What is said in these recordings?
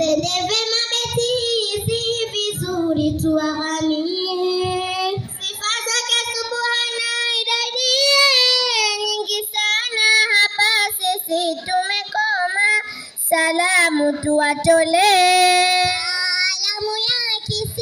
Tende vema beti vizuri tuaghamie. Sifa zake Subhana idadi nyingi sana, hapa sisi tumekoma. Salamu tuwatolee alamu ya kisi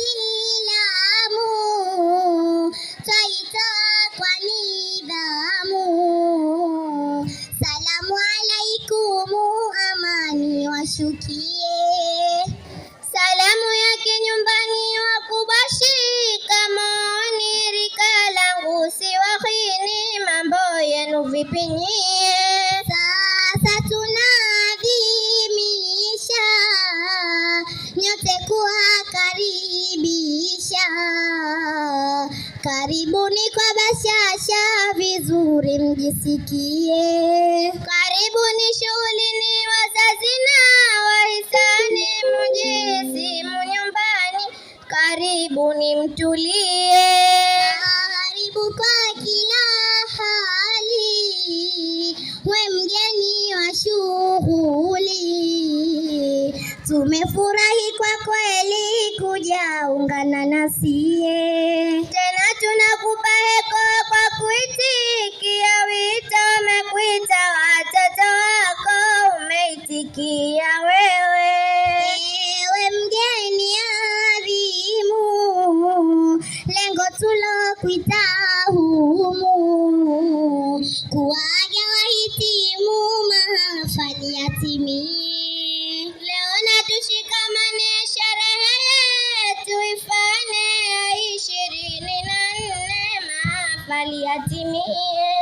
Karibuni kwa bashasha, vizuri mjisikie. Karibuni shughuli ni wazazi na wahisani, mjisimu nyumbani, karibuni mtulie. kukusikia wewe, ewe mgeni adhimu, lengo tulokuita humu kuwaga wahitimu mahafali timi Leo na tushikamane, sherehe yetu ifane ya ishirini na nne mahafali yatimie.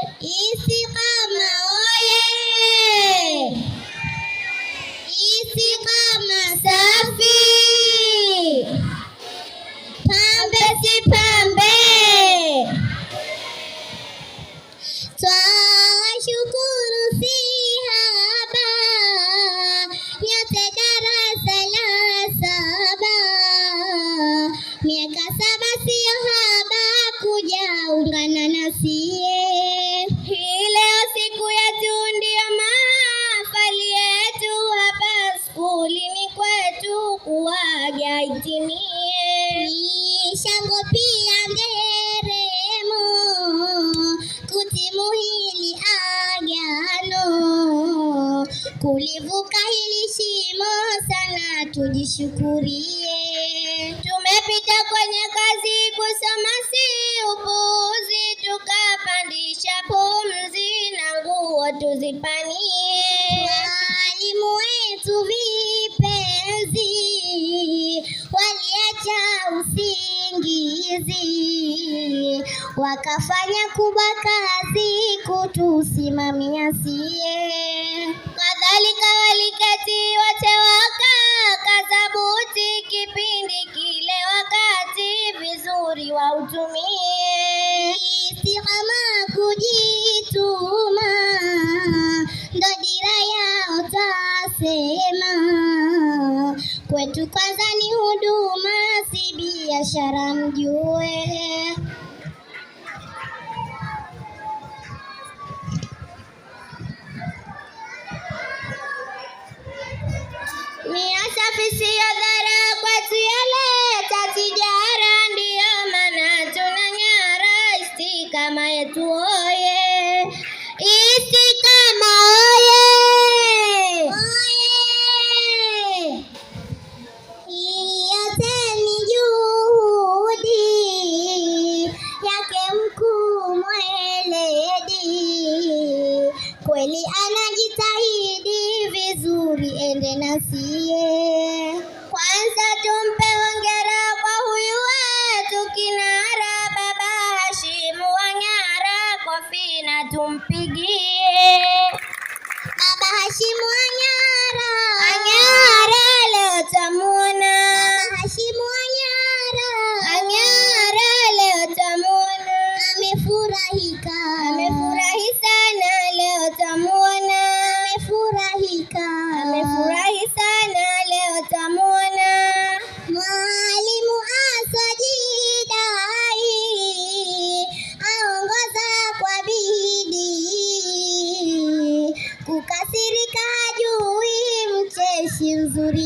Tumevuka hili shimo sana, tujishukurie. Tumepita kwenye kazi, kusoma si upuzi tukapandisha pumzi na nguo tuzipanie. Walimu wetu vipenzi, waliacha usingizi, wakafanya kubwa kazi kutusimamia sie Walikawalikatii wote wakaa kadhabuti, kipindi kile wakati vizuri wautumie. Istiqama kujituma, ndo dira yao tasema. Kwetu kwanza ni huduma, si biashara mjue ಶಫಿಸಿಯದ Kukasirika hajui, mcheshi mzuri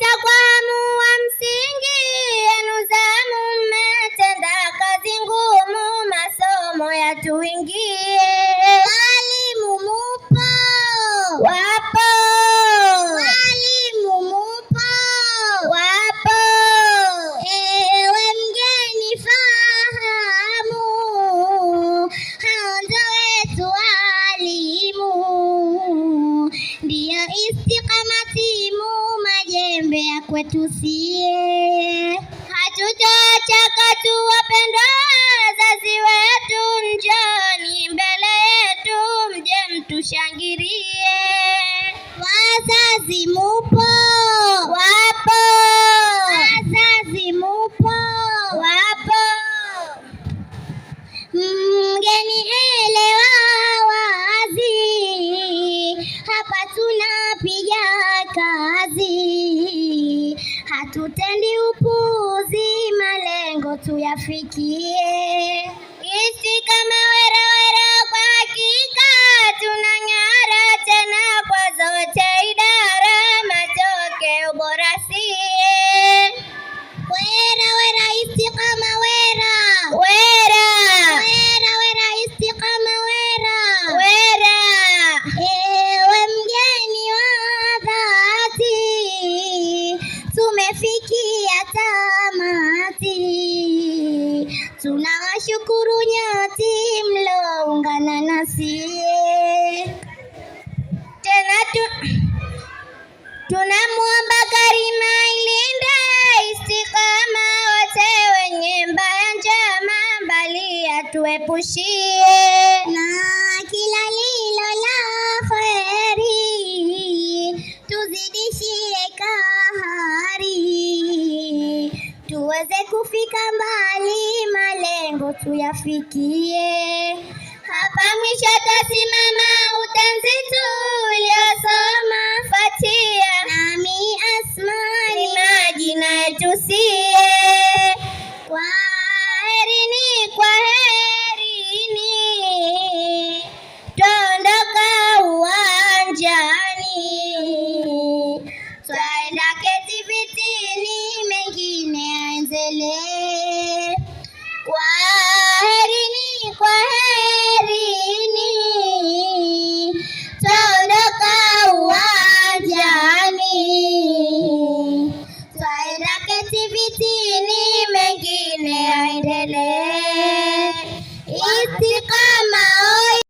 加关。tusiye, hatutochoka tu wapendwa. tuepushie na kila lilo la kheri, tuzidishie kahari, tuweze kufika mbali, malengo tuyafikie. Hapa mwisho tasimama, utanzi tuliosoma fatia, nami asmani majina yetusie